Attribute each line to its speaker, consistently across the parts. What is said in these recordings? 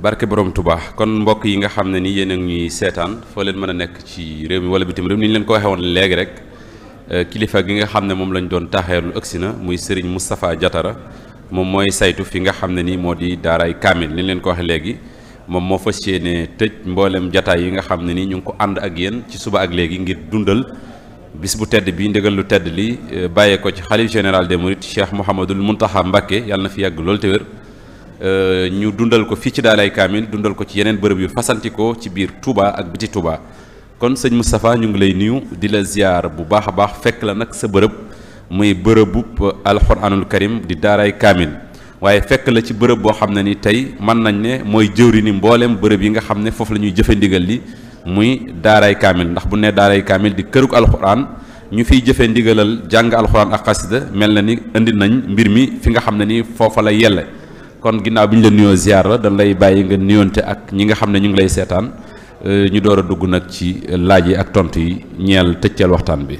Speaker 1: barke borom Touba kon mbokk yi nga xam ne ni yéen a ñuy seetaan foo leen mën a nekk ci réew mi wala bitim réew ni ñu leen ko waxee woon léegi rek euh, kilifa gi nga xam ne moom lañ doon taaxeerlu ëgsi na muy Serigne Moustapha Diatara moom mooy saytu fi nga xam ne nii moo di Daaray Kaamil ni ñu leen ko waxee léegi moom moo fas yéene tëj mboolem jataay yi nga xam ne nii ñu ngi ko ànd ak yéen ci suba ak léegi ngir dundal bis bu tedd bi ndigal lu tedd li euh, bàyyee ko ci xalif général des mourides Cheikh Mouhamadul Mountakha Mbacké yàlla na fi yàgg loolu te Euh, ñu dundal ko fii ci Daaray Kaamil dundal ko ci yeneen bërëb yu fasantikoo ci biir Touba ak biti Touba kon sëñ Moustapha ñu ngi lay nuyu di la ziyaar bu baax a baax fekk la nag sa bërëb muy bërëbub alxuraanul karim di Daaray Kaamil waaye fekk la ci bërëb boo xam ne ni tey mën nañ ne mooy jëwri ni mbooleem bërëb yi nga xam ne foofu la ñuy jëfe ndigal li muy Daaray Kaamil ndax bu ne Daaray Kaamil di kërug alxuraan ñu fiy jëfee ndigalal jàng alxuraan ak xasida mel na ni indi nañ mbir mi fi nga xam ne ni foofa la yelle kon ginnaaw bi ñu la nuyoo ziar la dañ lay bàyyi nga nuyoonte ak ñi nga xam ne ñu ngi lay seetaan euh, ñu door a dugg nag ci laaj yi ak tontu yi ñeel tëccal waxtaan bi.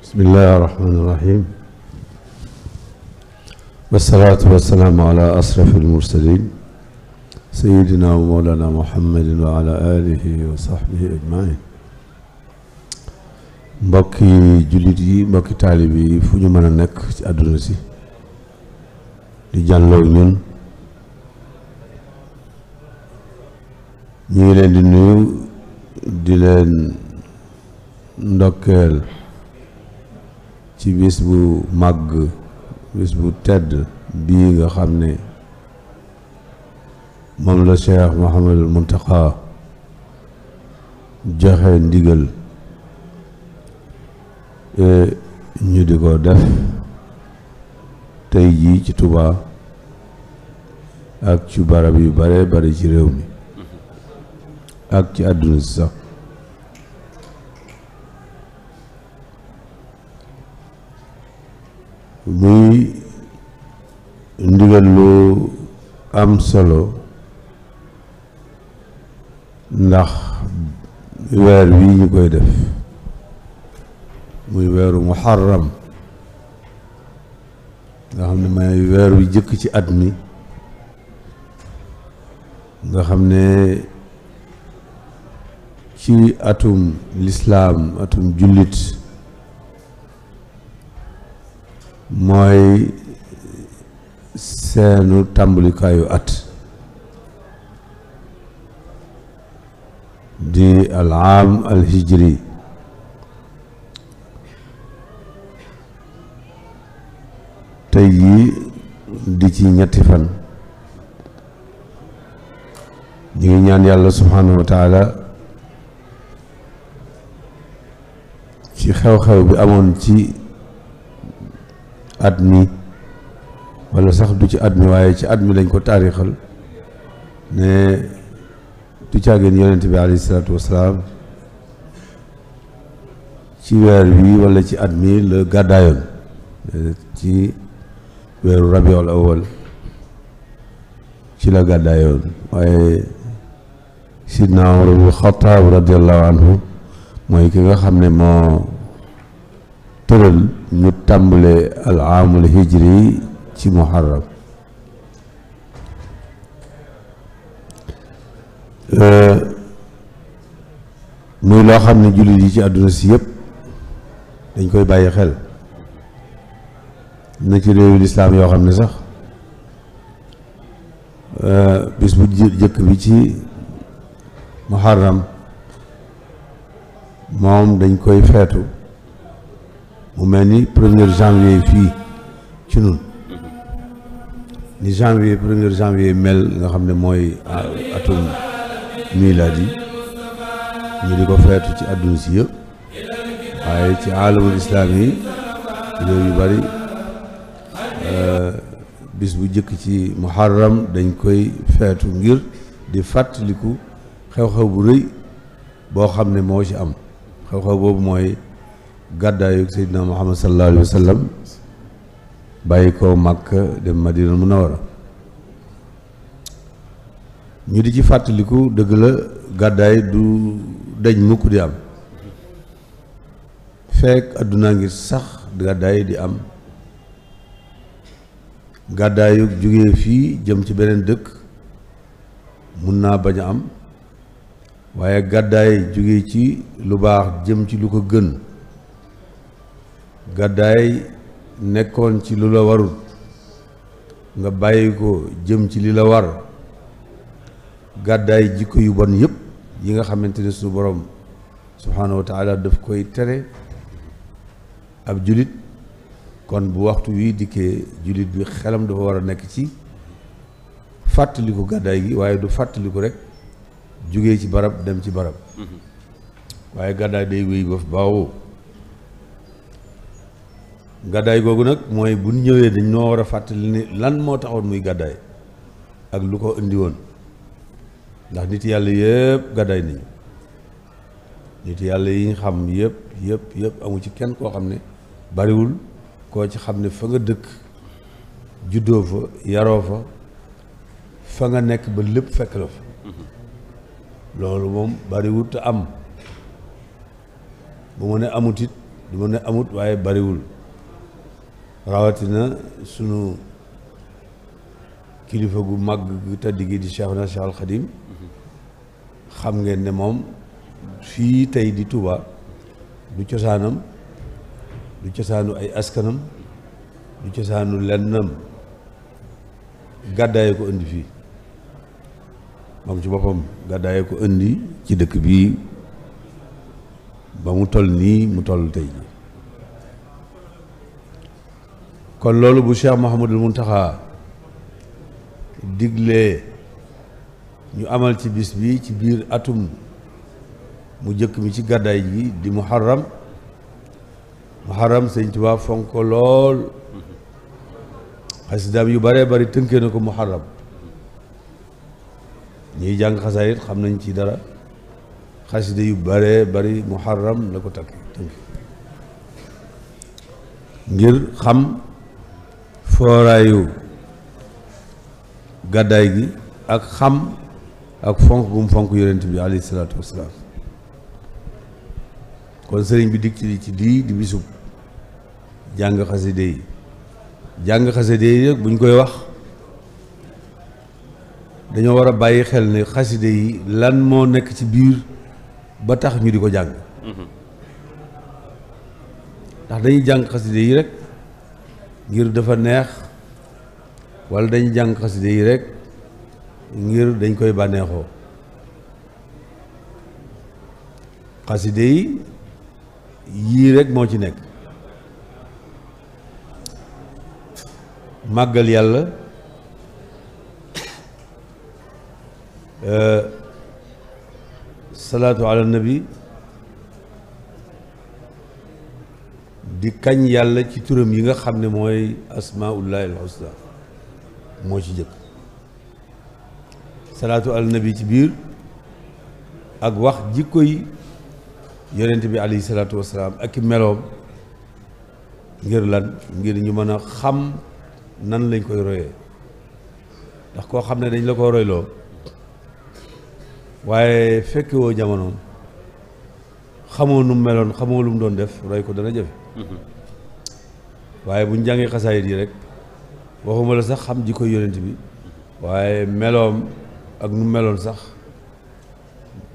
Speaker 2: bismillahi rahmaani rahim. wasalaatu wasalaamu ala asraf almursalin sayidina wa mawlana muhammadin wa ala alihi wa sahbihi ajmain mbokki jullit yi mbokki taalib yi fu ñu mën a nekk ci àdduna si di jànloo ñun ñu ngi leen di nuyu di leen ndokkeel ci bis bu màgg bis bu tedd bii nga xam ne moom la Cheikh Mouhamadul Mountakha joxe ndigal E, ñu di ko def tey jii ci tubaa ak ci barab yu bare bari ci réew mi ak ci àdduna si sax muy ndigal lu am solo ndax weer bi ñu koy def muy weeru muharram nga xam ne may weer wi jëkk ci at mi nga xam ne ci atum lislaam atum jullit mooy seenu tàmbalikaayu at di al aam al hijri tey jii di ci ñetti fan ñu ngi ñaan yàlla subhanahu wa taala ci xew-xew bi amoon ci at mi walla sax du ci at mi waaye ci at mi lañ ko taarixal ne du caageen yonent bi alayhi ci weer wi wala ci at mi la gàddaayoon ci weeru rabiul awal ci la gàddaayoon waaye sidna Umar ibn Xattaab radiallahu anhu mooy ki nga xam ne moo tëral ñu tàmbale al aamul hijri ci muharram muy loo xam ne jullit yi ci àdduna si yëpp dañ koy bàyyi xel na ci réewu lislaam yoo xam ne sax euh, bis bu jëkk bi ci muharram moom dañ koy feetu mu mel ni premier janvier fii ci nun ni janvier premier janvier mel nga xam ne mooy atum milaadi ñu di ko feetu ci àdduna si yëpp waaye ci alamul islaam yi réew yu bari Euh, bis bu jëkk ci muharram dañ koy feetu ngir di fàttaliku xew-xew bu rëy boo xam ne moo ci am xew-xew boobu mooy gàddaayu seydina muhammad sallallahu alayhi wa sallam bàyyi ko màkk dem madina munawara ñu di ci fàttaliku dëgg la gàddaay du dañ mukk di am fekk addunaa ngi sax gàddaay di am gàddaayu jóge fii jëm ci beneen dëkk mun naa bañ a am waaye gàddaay jóge ci lu baax jëm ci lu ko gën gàddaay nekkoon ci lu la warul nga bàyyi ko jëm ci li la war gàddaay jikko yu bon yëpp yi nga xamante ne suñu borom subhaanahu daf koy tere ab julit kon bu waxtu wii dikkee jullit bi xelam dafa war a nekk ci fàttaliku gàddaay gi waaye du fàttaliku rek jóge ci barab dem ci barab mm-hmm. waaye gàddaay day wéy ba baaw gàddaay googu nag mooy bu ñëwee dañ noo war a fàttali ni lan moo taxoon muy gàddaay ak lu ko indi woon ndax nit yàlla yëpp gàddaay nañu nit yàlla yi ñu xam yëpp yëpp yëpp amu ci kenn koo xam ne bariwul koo ci xam ne fa nga dëkk juddoo fa yaroo fa fa nga nekk ba lépp fekk la fa loolu moom bariwul te am bu ma ne amut it du ma ne amut waaye bariwul rawatina sunu kilifa gu mag gu tedd gi di Cheikhuna Cheikh Al Khadim xam ngeen ne moom fii tey di Touba du cosaanam du cosaanu ay askanam du cosaanu lennam gàddaaye ko ënd fii moom ci boppam gàddaaye ko indi ci dëkk bi ba mu toll nii mu toll tey ji kon loolu bu Cheikh mun Mountakha digle ñu amal ci bis bi ci biir atum mu jëkk mi ci gàddaay gi di muharram muharram sëñ Tuubaa fonk ko lool xasidaam yu bare bari tënkee na ko muharram ñuy jàng xasaayit xam nañ ci dara xasida yu bare bari muharram la ko takk tënk ngir xam fooraayu gàddaay gi ak xam ak fonk gum fonk yonent bi alayhi salaatu wasalaam kon sëriñ bi dikk ci lii di bisub jàng xaside yi jàng xaside yi nag buñ koy wax dañoo war a bàyyi xel ne xaside yi lan moo nekk ci biir ba tax ñu di ko jàng ndax dañuy jàng xaside yi rek ngir dafa neex wala dañuy jàng xaside yi rek ngir dañ koy bànneexoo xaside yi yii rekk moo ci nekk màggal yàlla euh, salaatu ala nabi di kañ yàlla ci turam yi nga xam ne mooy asmaullahi alxusna moo ci jëkk salaatu ala nabi ci biir ak wax jikko yi yonent bi alayhi salaatu wasalaam ak i meloom ngir lan ngir ñu mën a xam nan lañ koy royee ndax koo xam ne dañ la ko royloo waaye fekke woo jamonoom xamoo nu mu meloon xamoo lu mu doon def roy ko dana jafe mm-hmm. waaye buñ jàngee xasaayit yi rek waxuma la sax xam di koy yonent bi waaye meloom ak nu meloon sax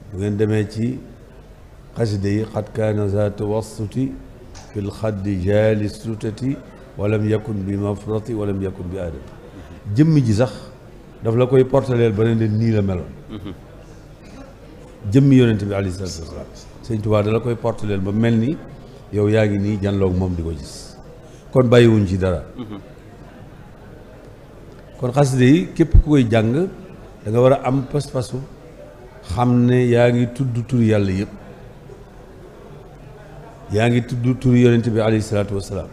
Speaker 2: bu ngeen demee ci xasida yi xad kaana za tawassuti fi lxaddi jaali sutati walam yakun bi mafrati walam yakun bi adam jëmm ji sax daf la koy portaleel ba ne leen nii la meloon jëmmi yonent bi alayhi salaatu salaam sëñ Tuubaa da koy portaleel ba mel ni yow yaa ngi nii janloog moom di ko gis kon bàyyiwuñ ci dara kon xasida yi képp ku koy jàng danga war a am paspasu xam ne yaa ngi tudd tur yàlla yëpp yaa ngi tudd turu yonent bi alayhi salaatu wasalaam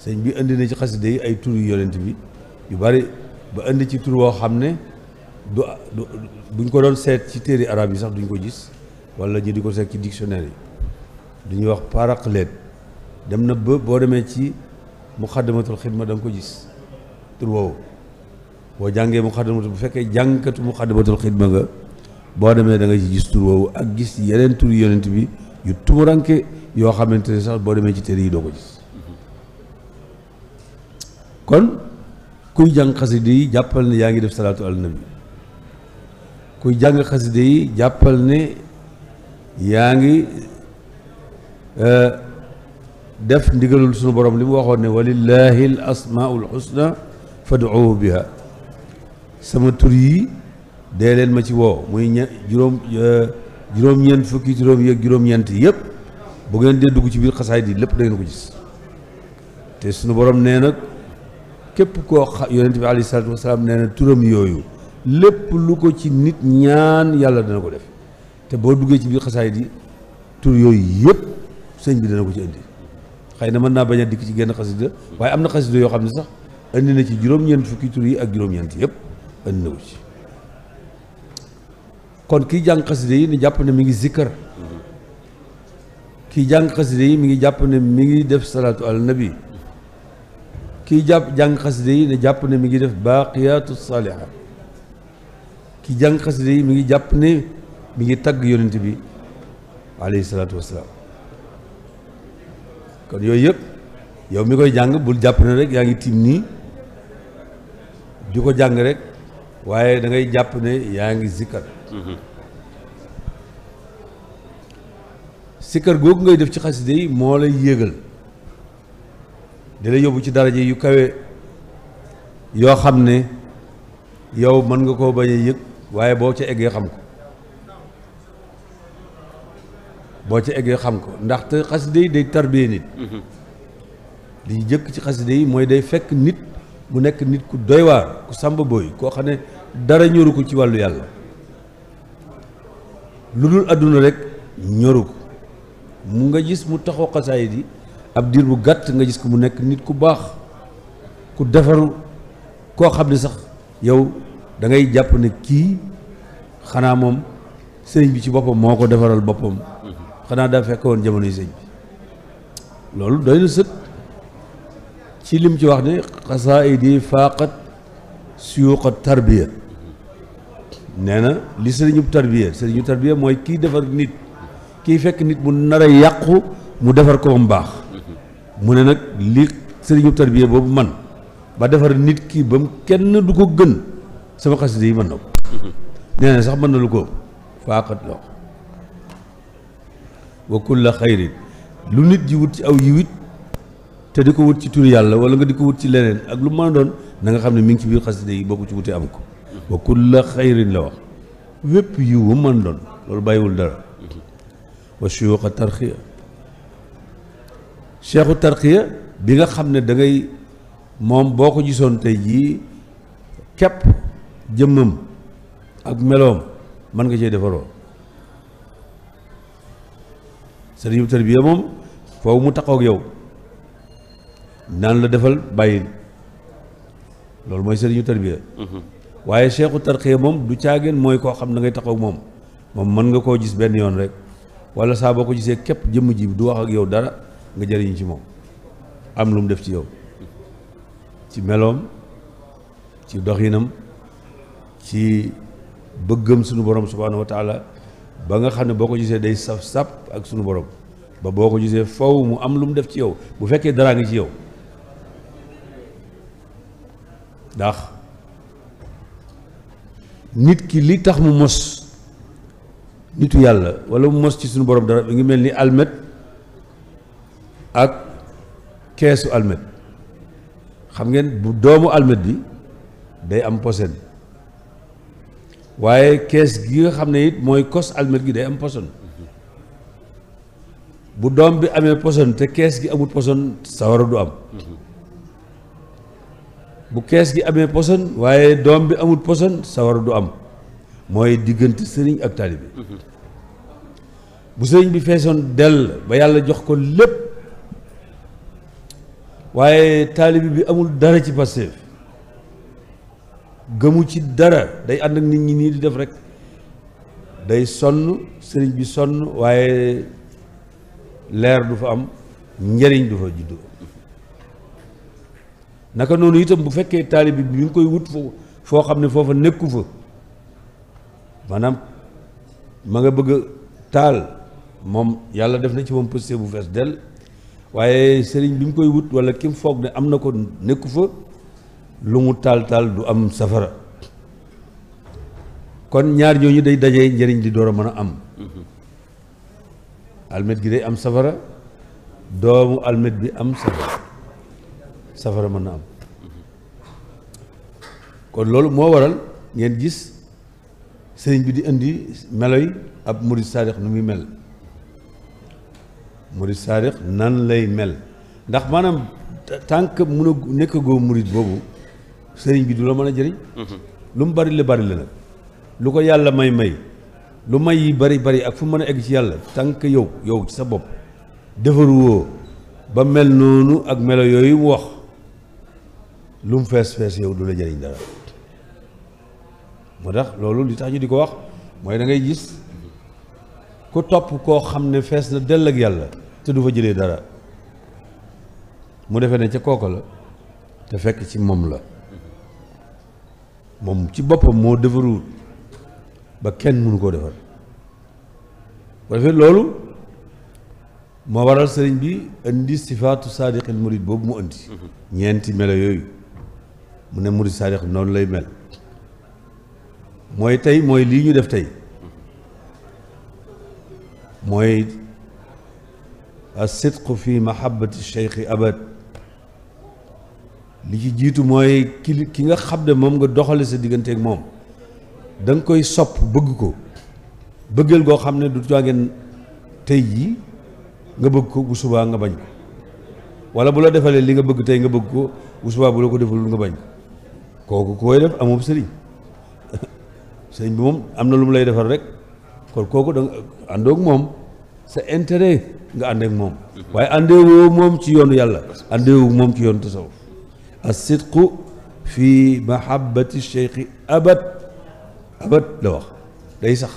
Speaker 2: sëñ bi indi na ci xasida yi ay turu yonent bi yu bari ba indi ci tur woo xam ne du buñ ko doon seet ci téere arab yi sax duñ ko gis wala ñu di ko seet ci dictionnaire yi du ñuy wax paraqleet dem na ba boo demee ci muxaddamatul xidma da nga ko gis tur wow boo jàngee muxaddamatul bu fekkee jàngkatu muxaddamatul xidma nga boo demee da nga ci gis tur woowu ak gis yeneen tur yonent bi yu tuuranke yoo xamante ne sax boo demee ci téere yi doo ko gis kon kuy jàng xaside yi jàppal ne yaa ngi def salaatu ala nabi kuy jàng jàppal ne yaa ngi euh, def ndigalul sunu borom li mu waxoon ne walillahi al asmaul xusna fad'uuhu biha sama tur yi dee leen ma ci woo muy ñe juróom euh, juróom-ñeent fukki juróom yeeg juróom-ñeent yëpp bu ngeen dee dugg ci biir xasaay di lépp da ngeen ko gis te suñu borom nee nag képp ko xa yonent bi alayhi salaatu wasalaam nee na turam yooyu lépp lu ko ci nit ñaan yàlla dana ko def te boo duggee ci biir xasaay di tur yooyu yëpp sëñ bi dana ko ci indi xëy na man naa bañ a dikk ci genn xasida waaye am na xasida yoo xam ne sax indi na ci juróom-ñeent fukki tur yi ak juróom-ñeent yëpp indi na ci kon kii jàng xasida yi jàpp ne mi ngi zikkar kii jàng xasida mi ngi jàpp ne mi ngi def salaatu ala nabi kii jàpp jàng xasida yi ne jàpp ne mi ngi def baaqiyaatu saaliha kii jàng xasida yi mi ngi jàpp ne mi ngi tagg yonent bi alayhi salaatu wasalaam kon yooyu yëpp yow mi koy jàng bul jàpp ne rek yaa ngi tiim nii di ko jàng rek waaye dangay jàpp ne yaa ngi zikkar sikkar googu ngay def ci xaside yi moo lay yéegal di la yóbbu ci daraje yu kawe yoo xam ne yow mën nga koo bañ yëg waaye boo ca eggee xam ko boo ca eggee xam ko ndaxte xaside yi day tarbiye nit mhm. li jëkk ci xaside yi mooy day fekk nit mu nekk nit ku doy waar ku sàmba booy koo xam ne dara ñoru ko ci wàllu yàlla lu dul àdduna rekk ñoru ko mu nga gis mu taxu xasaay di ab diir bu gàtt nga gis ko mu nekk nit ku baax ku defaru koo xam ne sax yow dangay jàpp ne kii xanaa moom sëriñ bi ci boppam moo ko defaral boppam xanaa daa fekk woon jamonoy sëñ bi loolu doy na sët ci lim ci wax ne xasaay di faaqat suyuqa tarbiya nee na li sëriñub tarbiya sëriñu tarbiya mooy kii defar nit kii fekk nit mu nar a yàqu mu defar ko mu baax mu ne nag li sëriñub tarbiya boobu man ba defar nit kii ba mu kenn du ko gën sama xasida yi mën na ko nee na sax mën na lu ko faaxat loo wa kulla xayrin lu nit ji wut aw yiwit te di ko wut ci tur yàlla wala nga di ko wut ci leneen ak lu mën a doon na nga xam ne mi ngi ci biir xasida yi boo ci wutee am ko wa la xayrin la wax wépp yiw wu doon loolu bàyyiwul dara wa suyuuxa tarxiya seexu tarxiya bi nga xam ne dangay moom boo ko gisoon tey jii kepp jëmmam ak meloom mën nga cee defaroo sëriñ tarbiya moom foofu mu taxaw yow naan la defal bàyyil loolu mooy sëriñu tarbiya mhm. waaye seexu tarxe moom du caageen mooy koo xam na ngay taxaw moom moom mën nga koo gis benn yoon rek wala saa boo ko gisee képp jëmm ji du wax ak yow dara nga jëriñ ci moom am lu mu def ci yow ci meloom ci doxinam ci bëggam sunu borom subhaanahu wa taala ba nga xam ne boo ko gisee day saf sap ak sunu borom ba boo ko gisee faw mu am lu mu def ci yow bu fekkee daraa ngi ci yow ndax nit ki li tax mu mos nitu yàlla wala mu mos ci suñu borom dara bi ngi mel ni almet ak keesu almet xam ngeen bu doomu almet bi day am posen waaye kees gi nga xam ne it mooy kos almet gi day am poson bu doom bi amee poson te kees gi amul poson sawara du am mhm. bu kees gi amee poson waaye doom bi amul poson sawar du am mooy diggante sëriñ ak taalibe bu sëriñ bi feesoon dell ba yàlla jox ko lépp waaye taalibe bi amul dara ci Pastef gëmu ci dara day ànd ak nit ñi nii di def rek day sonn sëriñ bi sonn waaye leer du fa am njëriñ du fa juddu naka noonu itam bu fekkee taalibi bi mi ngi koy wut foo foo xam ne foofa nekku fa maanaam ma nga bëgg taal moom yàlla def na ci moom posté bu fees dell waaye sëriñ bi mu koy wut wala ki foog ne am na ko nekku fa lu mu taal taal du am safara kon ñaar ñooñu day dajee njëriñ li door a mën a am mm-hmm. almet gi day am safara doomu almet bi am safara safara mën na am kon loolu moo waral ngeen gis sëriñ bi di indi meloy ab murid saadix nu muy mel murid saadix nan lay mel ndax maanaam tànk que mun a goo murid boobu sëriñ bi du la mën a jëriñ mhm. lu mu bari la bari la nag lu ko yàlla may may lu may yi bari bari ak fu mën a egg ci yàlla tànk yow yow ci sa bopp defaruwoo ba mel noonu ak melo yooyu mu wax lu mu fees fees yow du la jëriñ dara moo tax loolu li tax ñu di ko wax mooy dangay gis ku topp koo xam ne fees na dell ak yàlla te du fa jëlee dara mu defe ne ca kooka la te fekk ci moom la moom ci boppam moo defarul ba kenn mënu koo defar ba defee loolu moo waral sëriñ bi indi sifaatu saadiqil murid boobu mu indi ñeenti melo yooyu mu ne murid saadix noonu lay mel mooy tey mooy lii ñu def tey mooy asidqu fi mahabbati cheikhi abad li ci jiitu mooy ki ki nga xam ne moom nga doxale sa diggante ak moom danga koy sopp bëgg ko bëggeel goo xam ne du joogeen tey jii nga bëgg ko bu subaa nga bañ ko wala bu la defalee li nga bëgg tey nga bëgg ko bu subaa bu la ko defalul nga bañ kooku koy def amum sëriñ sëriñ bi moom am na lu mu lay defar rek kon kooku da àndoog moom sa intérêt nga ànd moom waaye àndeewoo moom ci yoon yàlla àndeewu moom ci yoon tasawuf as-sidqu fi mahabbati cheikhi abad abad la wax day sax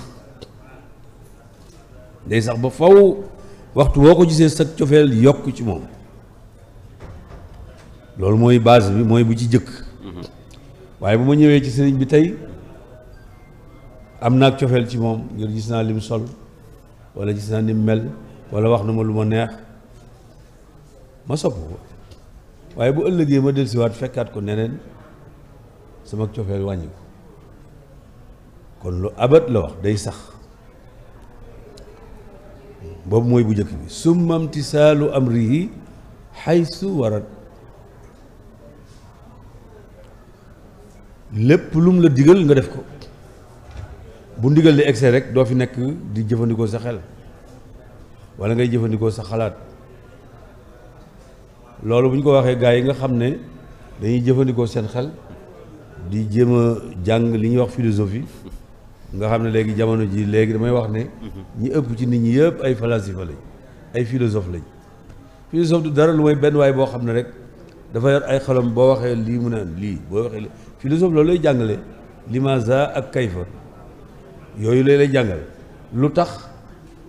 Speaker 2: day sax ba faw waxtu woo ko gisee sa cofeel yokk ci moom loolu mooy base bi mooy bu ci jëkk waaye bu ma ñëwee ci sëriñ bi tey am naa cofeel ci moom ngir gis naa lim sol walla gis naa lim mel wala wax na ma lu ma neex ma sopp ko waaye bu ëllëgee ma dellusiwaat fekkaat ko neneen sama cofeel wàññiku kon lu abat la wax day sax boobu mooy bu jëkk bi summamtisaalu amrihi su warat lépp lu mu la digal nga def ko bu ndigal di egsee rek doo fi nekk di jëfandikoo sa xel wala ngay jëfandikoo sa xalaat loolu bu ñu ko waxee gars yi nga xam ne dañuy jëfandikoo seen xel di jéem a jàng li ñuy wax philosophie nga xam ne léegi jamono ji léegi damay wax ne ñi ëpp ci nit ñi yëpp ay falasifa lañ ay philosophe lañ philosophe du dara lu mooy benn waay boo xam ne rek dafa yor ay xalam boo waxee lii mu naan lii boo waxee lii philosophe loolu lay jàngale limaza ak kayfa yooyu lay lay jàngal lu tax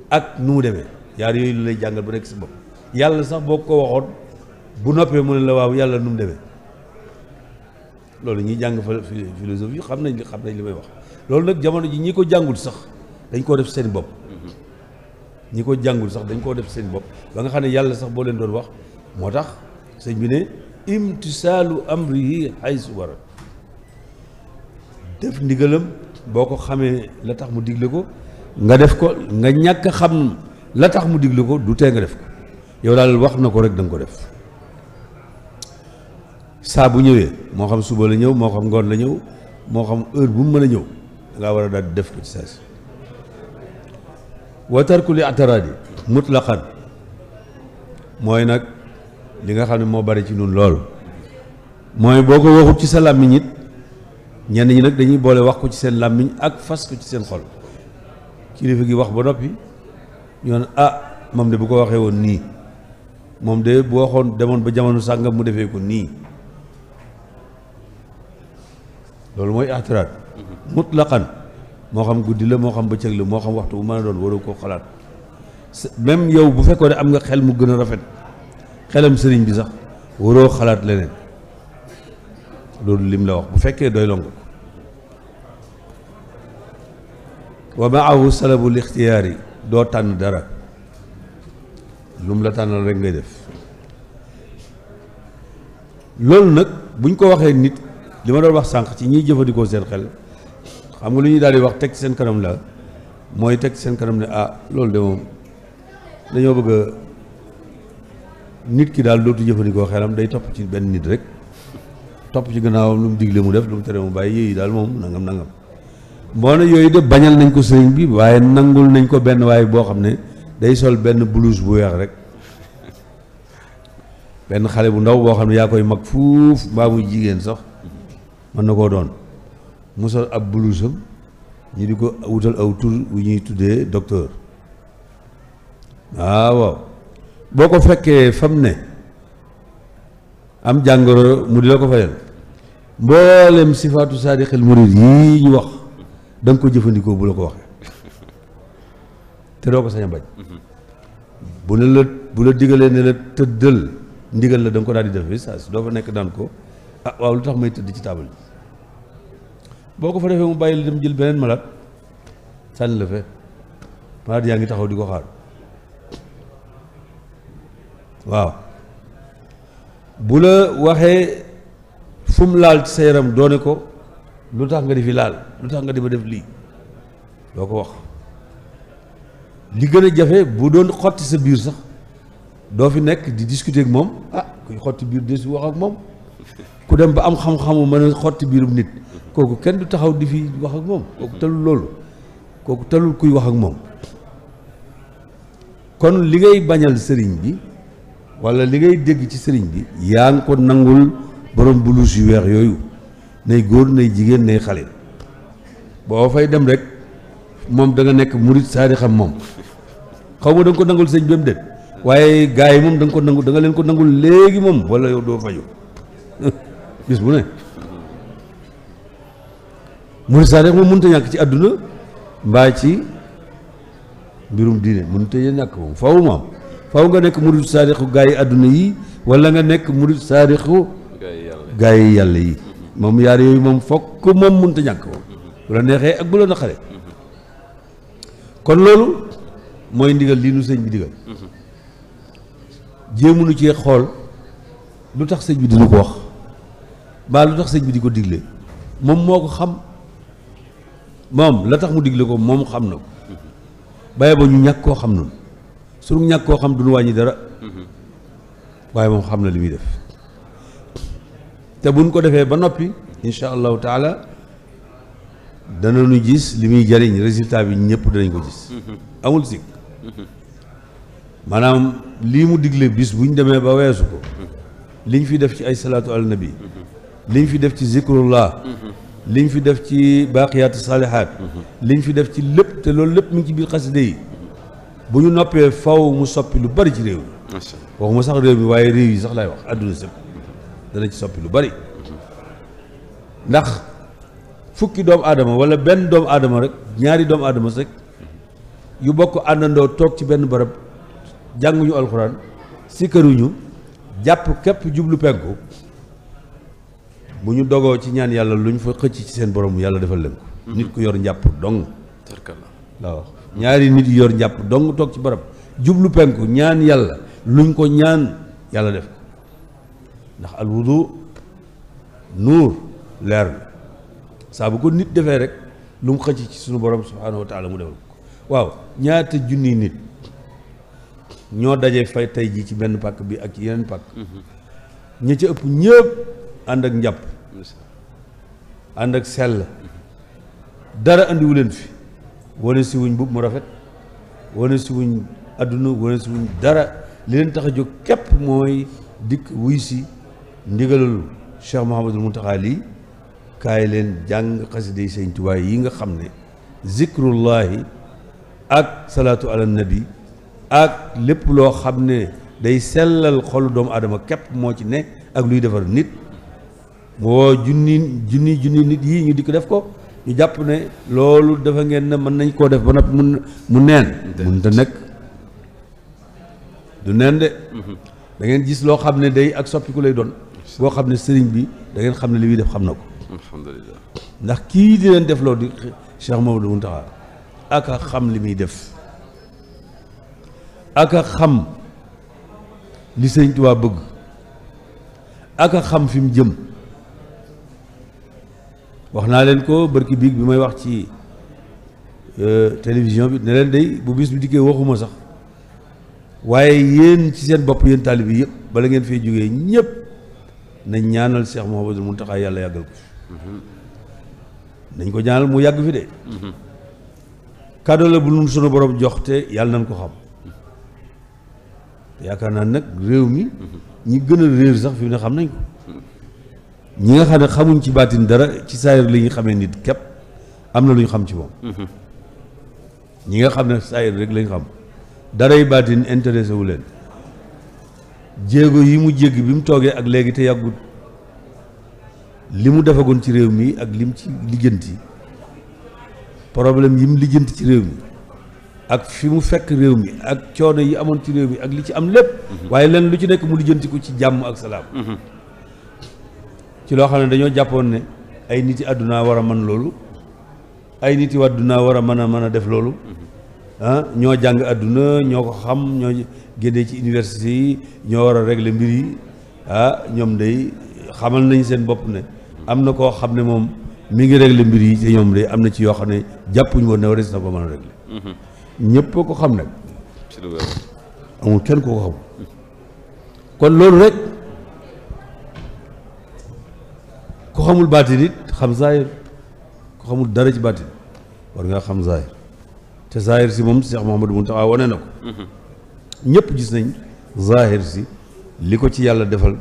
Speaker 2: ak nu mu demee yaar yooyu lu lay jàngal bu nekk si bopp yàlla sax boo ko waxoon bu noppee mu ne la waaw yàlla nu mu demee loolu ñuy jàng fa philosophie yi xam nañ li xam nañ li may wax loolu nag jamono ji ñi ko jàngul sax dañ koo def seen bopp mm-hmm. ñi ko jàngul sax dañ koo def seen bopp ba nga xam ne yàlla sax boo leen doon wax moo tax sëñ bi ne imtisaalu yi haysu wara def ndigalam boo ko xamee la tax mu digle ko nga def ko nga ñàkk xam la tax mu digle ko du tee nga def ko yow daal wax na ko rek danga ko def saa bu ñëwee moo xam suba la ñëw moo xam ngoon la ñëw moo xam heure bu mu mën a ñëw da war a daal def ko ci saa si wa tarku li ataraadi mutlaqan mooy nag li nga xam ne moo bari ci nun lool mooy boo ko waxut ci sa làmmiñ it ñenn ñi nag dañuy boole wax ko ci seen làmmiñ ak fas ko ci seen xol kilifa gi wax ba noppi ñoon ah moom de bu ko waxee woon nii moom de bu waxoon demoon ba jamono sàngam mu defee ko nii loolu mooy ahtiraat mutlaqan moo xam guddi la moo xam bëccëg la moo xam waxtu bu mën a doon waroo koo xalaat même yow bu fekkoon ne am nga xel mu gën a rafet xelam sëriñ bi sax waroo xalaat leneen loolu lim la wax bu fekkee doy longa ko wa maahu salabul ixtiyaar yi doo tànn dara lu mu la tànnal rek ngay def loolu nag buñ ko waxee nit li ma doon wax sànq ci ñiy jëfandikoo seen xel xam nga lu ñuy daal di wax teg seen kanam la mooy teg seen kanam ne ah loolu de moom dañoo bëgg nit ki daal dootu jëfandikoo xelam day topp ci benn nit rek topp ci gannaawam lu mu digle mu def lu mu tere mu bàyyi yooyu daal moom nangam nangam moo ne yooyu de bañal nañ ko sëriñ bi waaye nangul nañ ko benn waaye boo xam ne day sol benn blouse bu weex rek benn xale bu ndaw boo xam ne yaa koy mag fuuf mbaa jigéen sax mën na koo doon mu sol ab blouse am ñu di ko wutal aw tur wu ñuy tuddee docteur waaw waaw boo ko fekkee fam ne am jàngoro mu di la ko fayal mboolem sifaatu saadiqil murid yii ñu wax da ko jëfandikoo bu la ko waxee te doo ko sañ bañ bu ne la bu la digalee ne la tëddal ndigal la da ko daal di def bi saa si doo fa nekk daan ko ah waaw lu tax may tëdd ci taabal boo ko fa defee mu bàyyi la dem jël beneen malade sànni la fe malade yaa ngi taxaw di ko xaar waaw bu la waxee fu laal ci sa yaram doone ko lu tax nga di fi laal lu tax nga di ma def lii doo ko wax li gën a jafe bu doon xotti sa biir sax doo fi nekk di discuter moom ah kuy xotti biir de su wax ak moom ku dem ba am xam-xamu mën a xotti biirum nit kooku kenn du taxaw di fi wax ak moom kooku talul loolu kooku talul kuy wax ak moom kon li ngay bañal sëriñ bi wala li ngay dégg ci sëriñ bi yaa ngi ko nangul borom bulus yu weex yooyu nay góor nay jigéen nay xale boo fay dem rek moom da nekk murit saari xam moom xaw ma da ko nangul sëñ bi mu waaye gars yi moom danga ko nangu da nga leen ko nangul léegi moom wala yow doo faju bis bu ne murit saari moom mënut a ñàkk ci àdduna mbaa ci mbirum diine mënut a ñàkk moom faw moom faw nga nekk murid saadixu gaa yi àdduna yi walla nga nekk murid saadixu gaa yi yàlla yi moom yaar yooyu moom fokk moom mënta ñàkk moom bu la neexee ak bu la naqaree kon loolu mooy ndigal lii nu sëñ bi digal jéemu nu cee xool lu tax sëñ bi dina ko wax mbaa lu tax sëñ bi di ko digle moom moo ko xam moom la tax mu digle ko moom xam na ko bàyyi ba ñu ñàkk koo xam noonu suñu ñàkk koo xam du ñu wàññi dara waaye moom xam na li muy def te buñ ko defee ba noppi incha allahu taala danañu gis li muy jariñ résultat bi ñëpp danañ ko gis amul sikk maanaam lii mu digle bis bu ñu demee ba weesu ko liñ fi def ci ay salaatu ala nabi liñ fi def ci zikrullah liñ fi def ci baaqiyaatu saalihaat liñ fi def ci lépp te loolu lépp mu ngi ci biir xaside yi bu ñu noppee faw mu soppi lu bari ci réew mi waxuma sax réew mi waaye réew yi sax laay wax àdduna sëpp dana ci soppi lu bari ndax fukki doomu aadama wala benn doomu aadama rek ñaari doomu aadama rek yu bokk àndandoo toog ci benn barab jànguñu alxuraan sikkaruñu jàpp képp jublu penku bu ñu dogoo ci ñaan yàlla lu ñu fa xëcc ci seen borom yàlla defal leen ko mm-hmm. nit ku yor njàpp dong laa wax ñaari nit yor njàpp dong toog ci barab jublu penku ñaan yàlla luñ ko ñaan yàlla def ko ndax al nuur leer la saa bu ko nit defee rek lu mu xëcc ci sunu borom subhaanahu wa mu defal ko waaw ñaata junni nit ñoo daje fay tey jii ci benn pàkk bi ak ci yeneen pàkk ñi ci ëpp ñëpp ànd ak njàpp ànd ak sell dara andiwu leen fi wane si wuñ mbubb mu rafet wane si wuñ adduna wane si wuñ dara li leen tax a jóg képp mooy dikk wuy si ndigalul Cheikh Mouhamadul Mountakha lii kaay leen jàng xasida yi Sëñ Tuubaa yi nga xam ne zikrullahi ak salaatu ala nabi ak lépp loo xam ne day sellal xolu doomu aadama képp moo ci ne ak luy defar nit moo junni junni junni nit yi ñu dikk def ko ñu jàpp ne loolu dafa ngeen ne mën nañ koo def ba noppi mun mu neen mun te nekk du neen de mhm. da gis loo xam ne day ak soppiku lay doon boo xam ne sëriñ bi dangeen xam ne li muy def xam na ko ndax kii di leen def loolu di Cheikh Mamadou Mountakha ak a xam li muy def ak a xam li sëriñ Tuubaa bëgg ak a xam fi mu jëm wax naa leen ko barki biig bi may wax ci euh, télévision bi ne leen day bu bis bi dikkee waxuma sax waaye yéen ci seen bopp yéen taalib yi bala ngeen fee jógee ñëpp nañ ñaanal Cheikh Mouhamadul Mountakha yàlla yàggal ko fi mm-hmm. nañ ko ñaanal mu yàgg fi de mm-hmm. cadeau la bu nun sunu boroom jox te yàlla nañ ko xam mm-hmm. yaakaar naa nag réew mi ñi gën réer sax fi ne xam nañ ko ñi nga xam ne xamuñ ci baatin dara ci saayir la ñuy xamee nit képp am na lu ñu xam ci moom mhm. ñi nga xam ne saayir rek lañ xam daray baatin intéressé wu leen jéego yi mu jéggi bi mu toogee ak léegi te yàggut li mu defagoon ci réew mi ak lim ci lijjanti problème yi mu lijjanti ci réew mi ak fi mu fekk réew mi ak coono yi amoon ci réew mi ak li ci am lépp mhm. waaye leen lu ci nekk mu lijjanti ko ci jàmm ak salaam mhm. ci loo xam ne dañoo jàppoon ne ay nit yi àdduna war a mën loolu ay nit yi àdduna war a mën a mën a def loolu ah ñoo jàng àdduna ñoo ko xam ñoo génnee ci université yi ñoo war a régler mbir yi ah ñoom day xamal nañ seen bopp ne am na koo xam ne moom mi ngi régler mbir yi te ñoom day am na ci yoo xam ne jàppuñ woon ne war na ko mën a régler mhm. ñëpp ko xam nag kenn koo ko xam kon loolu rek ku xamul baati it xam zaahir ku xamul dara ci baatin war ngaa xam zaahir te zaahir si moom Cheikh Mouhamadou Mountakha wane na ko ñëpp gis nañ zaahir si li ko ci yàlla defal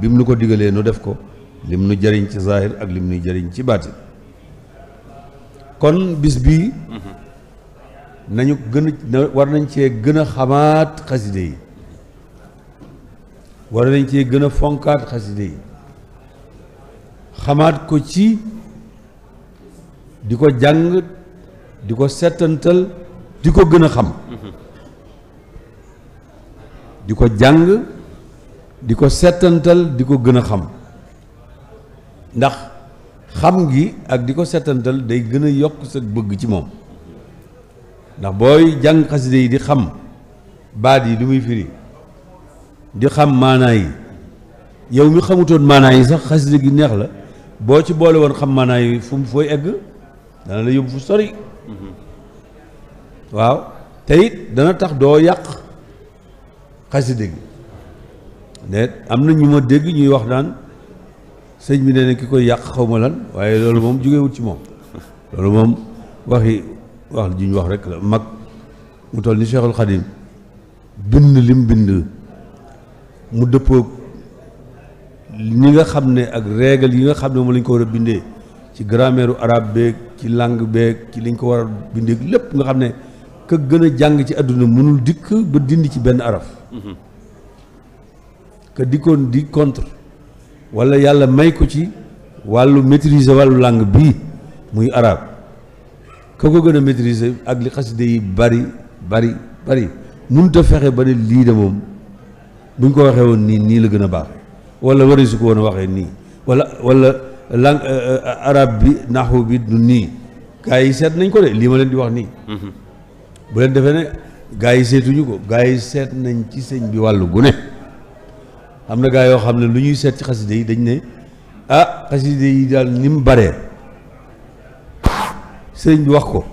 Speaker 2: bi mu nu ko digalee nu def ko lim nu jëriñ ci zaahir ak lim nu jariñ ci baatin kon bis bii nañu gën a war nañ cee gën a xamaat xaside yi war nañ cee gën a fonkaat xaside yi xamaat ko ci di ko jàng di ko setantal di ko gën a xam di ko jàng di ko setantal di ko gën a xam ndax xam gi ak di ko setantal day gën a yokk sa bëgg ci moom ndax booy jàng xaside yi di xam baat yi du muy firi di xam maanaa yi yow mi xamutoon maanaa yi sax xaside gi neex la boo ci boole woon xam maanaa yi fu mu fooy egg dana la yóbbu fu sori mm-hmm. waaw te it dana tax doo yàq xasida dégg ne am na ñu ma dégg ñuy wax daan sëñ bi nee na ki koy yàq xaw ma lan waaye loolu moom jógewut ci moom loolu moom waxi wax ju ñu wax rek la mag mu toll ni Cheikhul Khadim bind lim bind mu dëppoo ñi nga xam ne ak règle yi nga xam ne moom la ko war a bindee ci grammaire arabe beeg ci langue beeg ci liñ ko war a bindee lépp nga xam ne ka gën a jàng ci àdduna mënul dikk ba dindi ci benn araf mhm. ka dikkoon di contre wala yàlla may ko ci wàllu maîtriser wàllu langue bii muy arabe ka ko gën a maîtriser ak li xaside yi bari bari bari mënut a fexe ba ne lii de moom buñ ko waxee woon nii nii la gën a baax wala warisu ko woon a waxee nii wala wala lang eh, eh, arab bi naxu bi du nii gars yi seet nañ ko de lii ma leen di wax nii mhm. bu leen defe ne gars yi seetuñu ko gaa yi seet nañ ci sëñ bi wàllu gune am na gars yoo xam ne lu ñuy seet ci xaside yi dañ ne ah xaside yi daal ni mu baree sëñ bi wax ko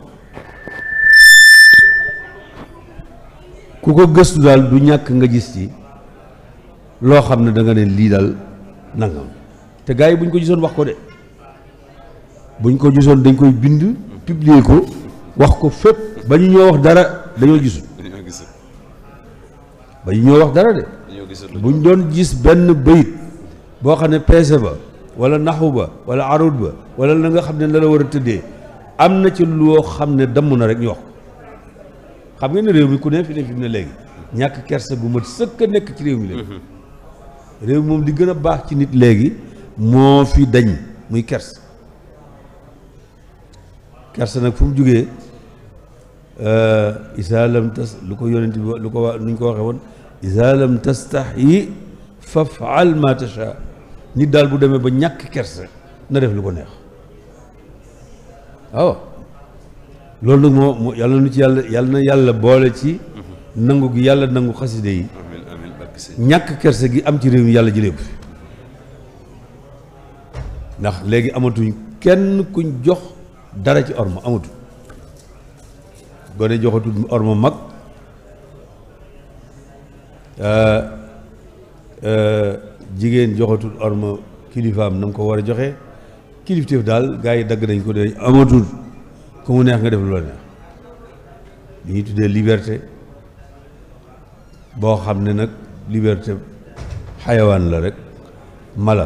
Speaker 2: ku ko gëstu daal du ñàkk nga gis ci loo xam ne danga nga ne lii daal nangam te gars yi bu ñu ko gisoon wax ko de bu ñu ko gisoon dañ koy bind publier ko wax ko fépp ba ñu ñoo wax dara dañoo gisul ba ñu ñoo wax dara de bu ñu doon gis benn bayit boo xam ne peese ba wala naxu ba wala arut ba wala la nga xam ne la la war a tëddee am na ci loo xam ne damm na rek ñu wax ko xam nga ne réew mi ku ne fi ne fi mu ne léegi ñàkk kersa gu mat sëkk a nekk ci réew mi léegi mm-hmm. réew moom li gën a baax ci nit léegi moo fi dañ muy kers kers nag fu mu jógee euh, isaa lam tas lu ko yonent lu ko wa nu ko waxee woon isaa lam tastaxyi fafaal ma tacha nit daal bu demee ba ñàkk kersa na def lu ko neex waaw loolu nag moo yàlla nu ci yàlla yàlla na yàlla boole ci mhm. nangu gi yàlla nangu xaside yi ñàkk kerse gi am ci réew mi yàlla jëlee ko ndax léegi amatuñ kenn kuñ jox dara ci orma amatu gone joxatul orma mag euh, euh, jigéen joxatul orma kilifaam na mu ko war a joxe kilifteef daal gars yi dagg nañ ko de amatul ku mu neex nga def loola neex li ñuy tuddee liberté boo xam ne nag liberté xayawaan la rek mala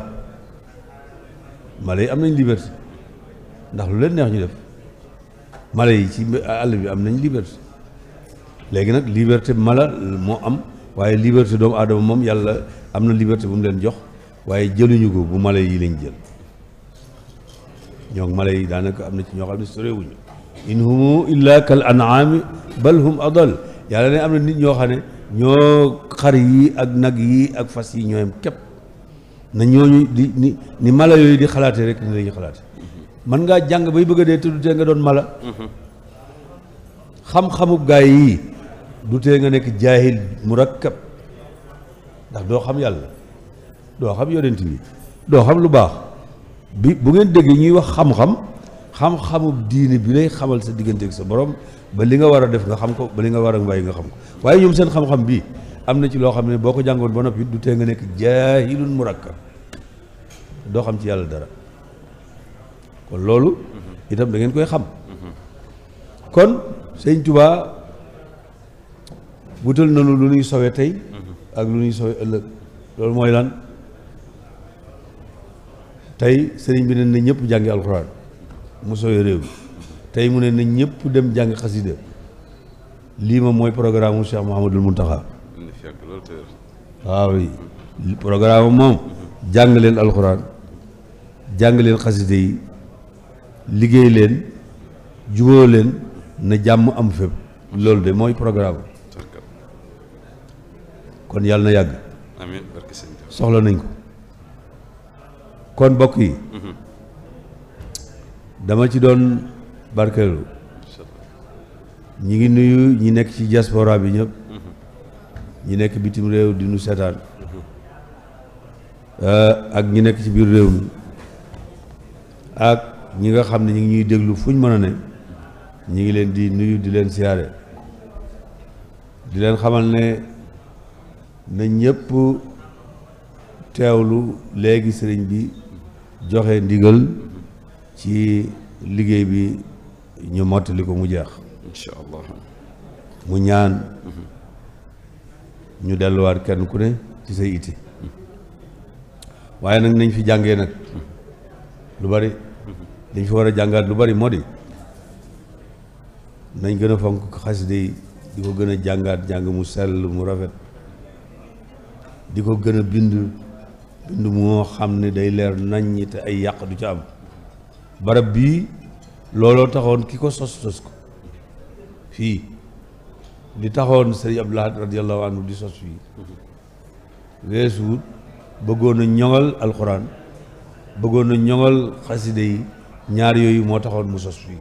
Speaker 2: mala yi am nañ liberté ndax lu leen neex ñu def mala yi ci àll bi am nañ liberté léegi nag liberté mala moo am waaye liberté doomu aadama moom yàlla am na liberté bu mu leen jox waaye jëluñu ko bu mala yi lañ jël ñoom mala yi daanaka am na ci ñoo xam ne sorewuñu in humu illa kal an'ami bal hum adal yàlla ne am na nit ñoo xam ne ñoo xar yi ak nag yi ak fas yi ñooyam képp na ñooñu di ni ni mala yooyu di xalaate rek ni lañuy xalaate man ngaa jàng bay bëgg a dee tudd tee nga doon mala xam-xamub gaay yi du tee nga nekk jaahil murakkab ndax doo xam yàlla doo xam yonent bi doo xam lu baax bi bu ngeen yi ñuy wax xam-xam xam-xamub diine bi lay xamal sa diggante ak sa boroom ba li nga war a def nga xam ko ba li nga war a bàyyi nga xam ko waaye ñoom seen xam-xam bii am na ci loo xam ne boo ko jàngoon ba noppi du tee nga nekk jaahilun murakkab doo xam ci yàlla dara kon loolu itam da koy xam kon sëñ Tuubaa wutal nanu lu ñuy sowe tey ak lu ñuy sowe ëllëg loolu mooy lan tey sëriñ bi ne na ñëpp jàngi alxuraan mu sooy réew tey mu ne na ñëpp dem jàng xasida lii ma mooy programme mu Cheikh Mouhamadul Mountakha waaw programme moom jàng leen alxuraan jàng leen xasida yi liggéey leen juboo leen na jàmm am fépp loolu de mooy programme kon yàlla na yàgg soxla nañ ko kon bokk yi mhm. dama ci doon barkeelu ñi ngi nuyu ñi nekk ci diaspora bi ñëpp ñi nekk bitim réew dinu nu seetaan eh, ak ñi nekk ci biir réew mi ak ñi nga xam ne ñi ngi ñuy déglu fu ñu mën a ne ñi ngi leen di nuyu di leen siyaare di leen xamal ne na ñëpp teewlu léegi sëriñ bi joxe ndigal ci liggéey bi ñu mottali ko mu jeex incha mu ñaan ñu delluwaat kenn ku ne ci say iti waaye nag nañ fi jàngee nag lu bari dañ fi war a jàngaat lu bari moo di nañ gën a fonk xasida yi di ko gën a jàngaat jàng mu sel mu rafet di ko gën a bind bind moo xam ne day leer naññ te ay yàq du ca am barab bii looloo taxoon ki ko sos sos ko fii di taxoon sëriñ Abdou Lahad radiyallahu anhu di sos fii weesuut bëggoon a ñoŋal alxuraan bëggoon a ñoŋal xaside yi ñaar yooyu moo taxoon mu sos fii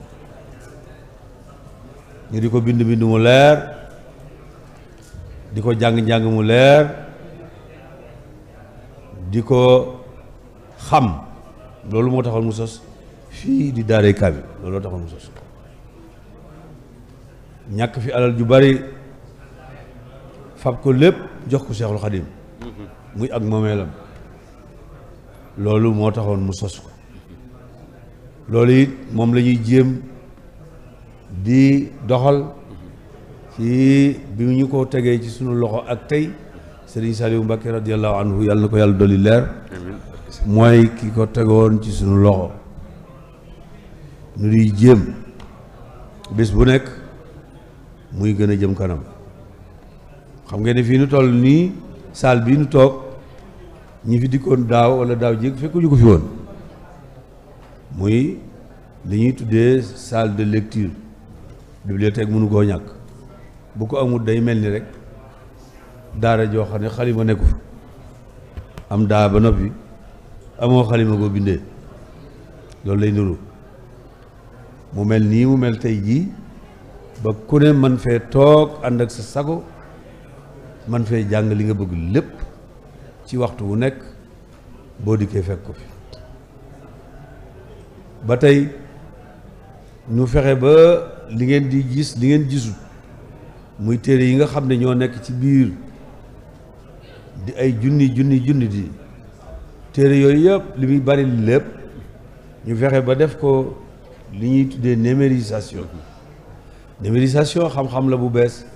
Speaker 2: ñu di ko bind bind mu leer di ko jàng jàng mu leer di ko xam loolu moo taxoon mu sos fii di daaree kaamil looloo taxoon mu sos ñàkk fi alal ju bari fab ko lépp jox ko Seexul Xadim muy ak moomeelam loolu moo taxoon mu sos ko loolu it moom lañuy jéem di doxal ci bi ñu ko tegee ci sunu loxo ak tey Serigne Saliou Mbacké radiallahu anhu yàlla na ko yàlla dolli leer mooy ki ko tegoon ci sunu loxo nu duy bés bu nekk muy gën a jëm kanam xam nga ne fii nu toll nii saal bii nu toog ñi fi dikkoon daaw wala daaw jéeg fekkuñu ko fi woon muy li ñuy tuddee salle de lecture bibliothèque mënu koo ñàkk bu ko amul day mel ni rek daara joo xam ne xalima nekku fa am daa ba noppi amoo xalima ko bindee loolu lay nuru mu mel nii mu mel tey jii ba ku ne man fee toog ànd ak sa sago man fee jàng li nga bëgg lépp ci waxtu wu nekk boo dikkee fekk ko fi ba tey ñu fexe ba li ngeen di gis li ngeen gisut muy téere yi nga xam ne ñoo nekk ci biir di ay junni junni junni di téere yooyu yëpp li muy bari lépp ñu fexe ba def ko li ñuy tuddee numérisation numérisation xam-xam la bu bees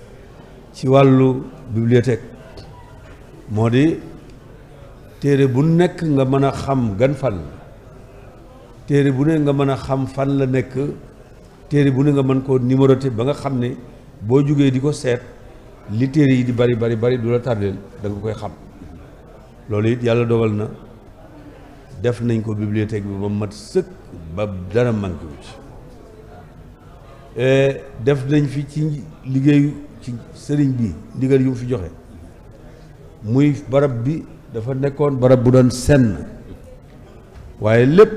Speaker 2: ci wàllu bibliothèque moo di téere bu nekk nga mën a xam gan fan téere bu ne nga mën a xam fan la nekk téere bu ne nga mën koo numéroté ba nga xam ne boo jógee di ko seet li téere yi di bari bari bari du la tardeel da koy xam loolu it yàlla dogal na def nañ ko bibliothèque bi ba mat sëkk ba dara manqué wu ci eh, def nañ fi ci liggéeyu ci sëriñ bi ndigal yu mu fi joxe muy barab bi dafa nekkoon barab bu doon senn waaye lépp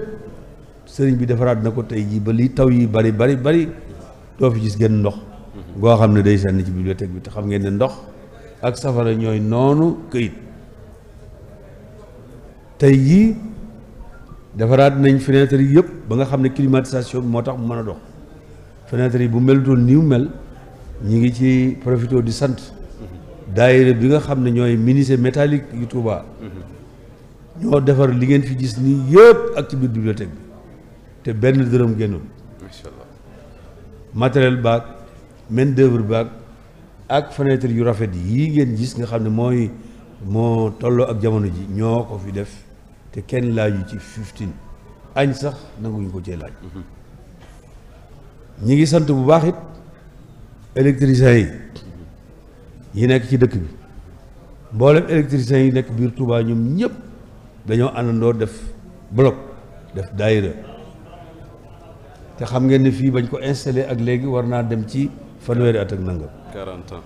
Speaker 2: sëriñ bi defaraat na ko tey jii ba li taw yi bari bari bari doo fi gis genn ndox ngoo xam ne day senn ci bibliothèque bi te xam ngeen ne ndox ak safara ñooy noonu këyit tey jii defaraat nañ fenêtre yi yëpp ba nga xam ne climatisation bi moo tax mu mën a dox fenêtre yi bu melutoon niw mel ñi ngi ci profité di sant daayira bi nga xam ne ñooy menuisier métallique yu Touba ñoo defar li ngeen fi gis nii yëpp ak ci biir bibliothèque bi te benn dërëm génnul macha allah matériel baag main d'œuvre baag ak fenêtre yu rafet yi ngeen gis nga xam ne mooy moo tolloo ak jamono ji ñoo ko fi def te kenn laaju ci fifteen añ sax nanguñu ko cee laaj mhm. ñi ngi sant bu baax it yi mhm. yi nekk ci dëkk bi mboolem électriciens yi nekk biir Touba ñoom ñëpp dañoo àndandoo def bloc def daayira te xam ngeen ne fii bañ ko installé ak léegi war naa dem ci fanweeri at ak nangam. 40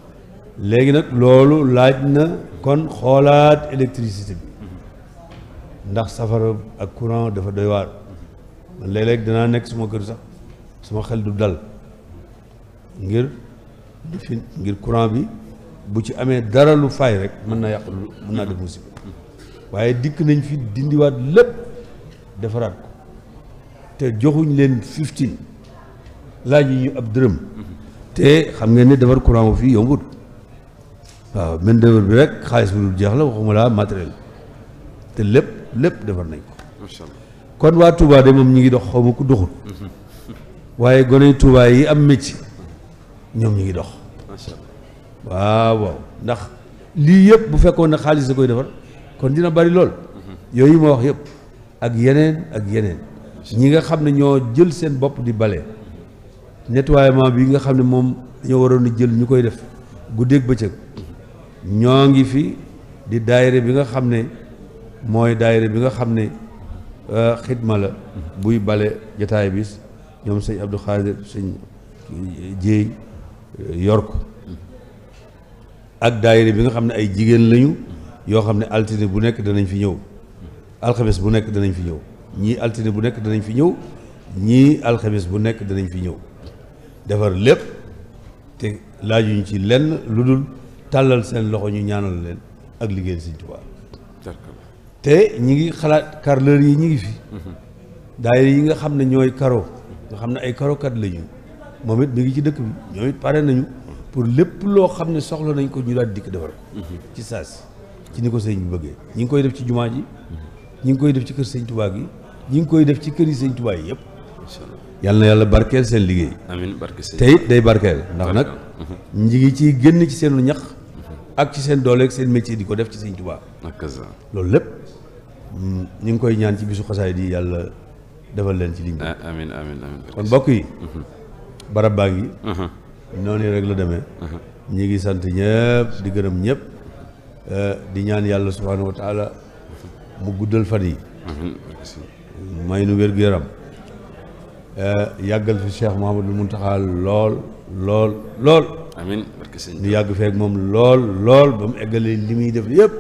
Speaker 2: léegi nag loolu laaj na kon xoolaat électricité bi ndax safara ak courant dafa doy waar man léeg-léeg danaa nekk suma kër sax suma xel du dal ngir ngir courant bi bu ci amee dara lu faay rek mën naa yàq lu mën naa def waaye dikk nañ fi dindiwaat lépp defaraat ko te joxuñ leen fifteen laaj yi ñu ab dërëm te xam ngeen ne defar courant bu fii yombut waaw main d'œuvre bi rek xaalis bi du jeex la waxuma laa matériel te lépp lépp defar nañ ko. macha allah kon waa Touba de moom ñu ngi dox xaw ma ku doxul. waaye gone Touba yi am métier ñoom ñu ngi dox. macha allah waaw waaw ndax lii yëpp bu fekkoon ne xaalis da koy defar kon dina bari lool. yow mhm. yooyu ma wax yépp ak yeneen ak yeneen. ñi nga xam ne ñoo jël seen bopp di bale nettoiement bi nga xam ne moom dañoo waroon a jël ñu koy def guddeeg bëccëg mhm. ñoo ngi fi di daayira bi nga xam ne mooy daayira bi nga xam ne euh, xidma la buy bale jataay bis ñoom sëñ Abdou Khadir sëñ Jéey euh, euh, yor ko ak daayira bi nga xam ne ay jigéen lañu yoo xam ne altine bu nekk danañ fi ñëw alxames bu nekk danañ fi ñëw ñii altine bu nekk danañ fi ñëw ñii alxames bu nekk danañ fi ñëw defar lépp te laajuñ ci lenn lu dul tàllal seen loxo ñu ñaanal leen ak liggéen Sëñ Tuubaa te ñi ngi xalaat carleur yi ñi ngi fi daayira yi nga xam ne ñooy karo nga xam ne ay karokat lañu moom it mi ngi ci dëkk bi ñoom pare nañu pour lépp loo xam ne soxla nañ ko ñu daal dikk defar ko ci saas ci ni ko sëñ bi bëggee ñi ngi koy def ci jumaa ji ñi ngi koy def ci kër sëñ Tuubaa gi ngi koy def ci kër yi sëñ Tuubaa yi yëpp yàlla na yàlla barkeel seen liggéey amiin barkeel te it day barkeel ndax nag ñi ci ciy génn ci seenu ñax ak ci seen dooleek seen métier di ko def ci sëñ Tuubaa loolu lépp ñu ngi koy ñaan ci bisu xasaay di yàlla defal leen ci liñ bi amiin amiin amiin kon mbokk yi mhm. barab baa ngi mhm. noonu rek la demee mhm. ñi ngi sant ñëpp di gërëm ñëpp e, di ñaan yàlla subhaanahu wa mu guddal fan yi may nu wér gu yaram e, yàggal fi Cheikh Mouhamadul Muntaxa lool lool lool ñu yàgg feek moom lool lool ba mu eggalee li muy def yëpp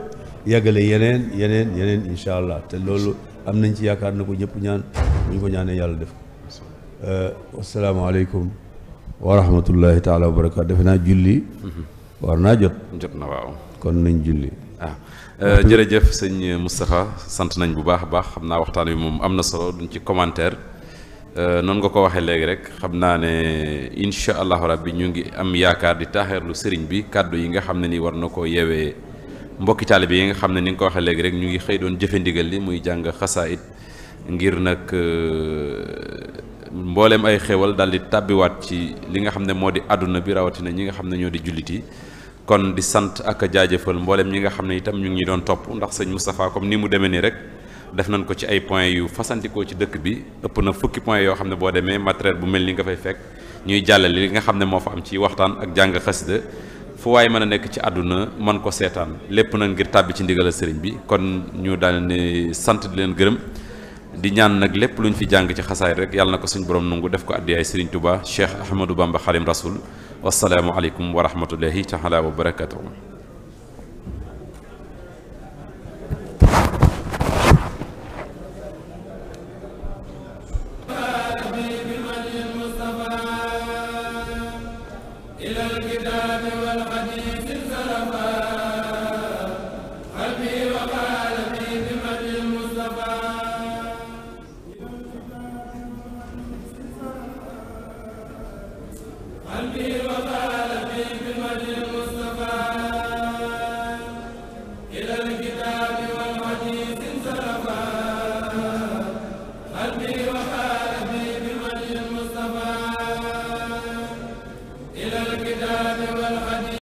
Speaker 2: yeggale yeneen yeneen yeneen incha allah te loolu am nañ ci yaakaar na ko ñëpp ñaan bu ñu ko ñaanee yàlla def ko euh, asalaamaaleykum wa rahmatullahi taala wa barakaatu defe naa julli mm-hmm. war naa jot jot
Speaker 1: na waaw kon nañ julli ah euh, jërëjëf sëñ mustaka sant nañ bu baax a baax xam naa waxtaan wi moom am na solo duñ ci commentaire Euh, noonu nga ko waxee léegi rek xam naa ne incha allahu rabbi ñu ngi am yaakaar di taaxeerlu sëriñ bi kàddu yi nga xam ne ni war na koo yeewee mbokki taalibe yi nga xam ne ni nga ko waxee léegi rek ñu ngi xëy doon jëfe ndigal li muy jàng xasaayit ngir nag euh, mbooleem ay xéewal daal di tàbbiwaat ci li nga xam ne moo di àdduna bi rawatina ñi nga xam ne ñoo di jullit yi kon di sant ak a jaajëfal mbooleem ñi nga xam ne itam ñu ngi doon topp ndax sëñ Moustapha comme ni mu demee nii rek def nañ ko ci ay point yu fasantikoo ci dëkk bi ëpp na fukki point yoo xam ne boo demee matériel bu mel ni nga fay fekk ñuy jàllale li nga xam ne moo fa am ci waxtaan ak jàng xasida fu waaye mën a nekk ci àdduna man ko seetaan lépp nag ngir tàbbi ci ndigal sëriñ bi kon ñu daal ne sant di leen gërëm di ñaan nag lépp lu ñu fi jàng ci xasaay rek yàlla na ko suñ borom nungu def ko addiyaay sëriñ Touba Cheikh Ahmadou Bamba Xalim Rasoul wasalaamualeykum wa rahmatullahi taala wa barakatuhu